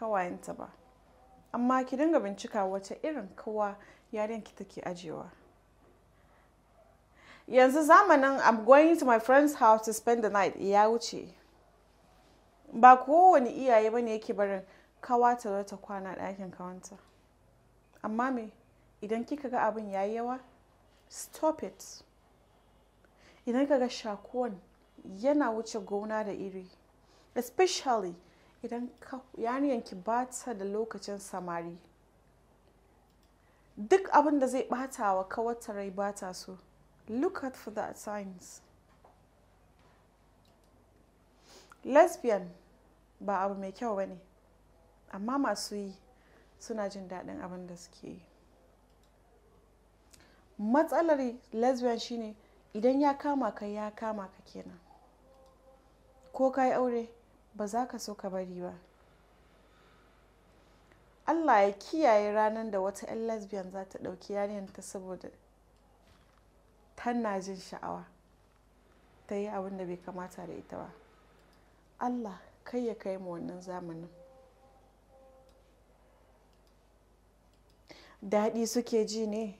kawayenta ba amma ki dinga bincika wace irin kowa yaren ki take ajewa yanzu zamanin i'm going to my friend's house to spend the night ya wuce ba kowane iyaye bane yake barin kawa ta ta kwana ɗakin kawanta amma me idan kika ga abin ya yi yawa stop it idan kaga shakuwan yana wuce gona da iri especially idan yariyanki ba ta da lokacin samari duk abin da zai bata wa kawata rai ba so look out for that signs lesbian ba abu mai kyau ba ne amma masu yi suna jin daɗin abin da suke yi matsalar lesbian shine idan ya kama ka ya kama ka kenan ko ka yi aure ba za ka so ka bari ba allah ya kiyaye ranar da wata 'yan lesbian za ta ɗauki ta saboda tana jin sha'awa ta yi abin da bai kamata da ita ba allah kai ya kai mu wannan zamanin daɗi suke ji ne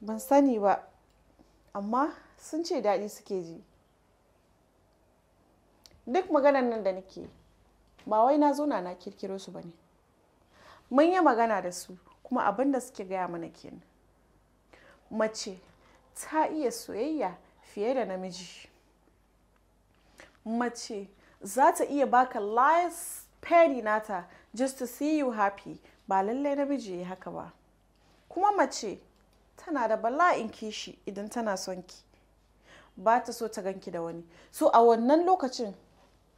ban sani ba amma sun ce daɗi suke ji duk maganan nan da nake ba wai na zo na na kirkiro su ne. mun yi magana da su kuma abin da suke gaya mana kenan mace ta iya soyayya fiye da namiji mace za ta iya baka lies penny nata just to see you happy ba lallai namiji ya haka ba kuma mace tana da bala'in kishi idan tana son ki ba ta so ta ganki da wani so a wannan lokacin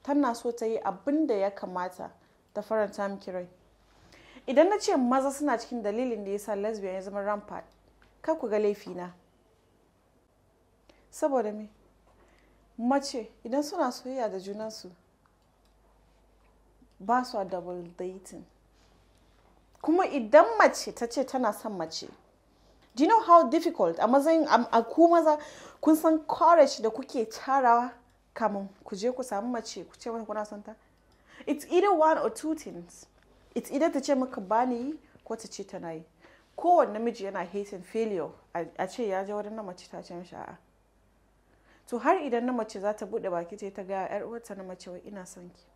tana so ta yi abin da ya kamata ta faranta miki rai idan na ce maza suna cikin dalilin da ya sa lesbian ya zama rampart kar ku ga laifina saboda me mace idan suna soyayya da junansu ba su a double dating kuma idan mace ta ce tana son mace do you know how difficult a maza kun san courage da kuke tarawa kamun ku je ku samu mace ku ce wani kuna son ta it's either one or two things it's either ta ce maka bani yi ko ta ce tana yi kowane namiji yana hatin failure a ce ya je wurin na mace ta ce mishi to har idan na mace za ta bude baki ta ta ga yar uwarta na mace wai ina son ki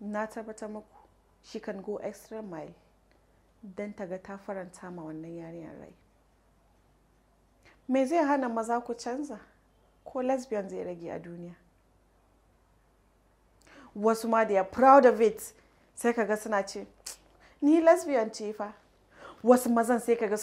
na tabbatar muku she can go extra mile dan ta ga ta faranta ma wannan yarinyar rai me zai hana maza ku canza ko lesbian zai rage a duniya wasu ma da proud of it sai kaga suna ce ni lesbian ce fa wasu mazan sai kaga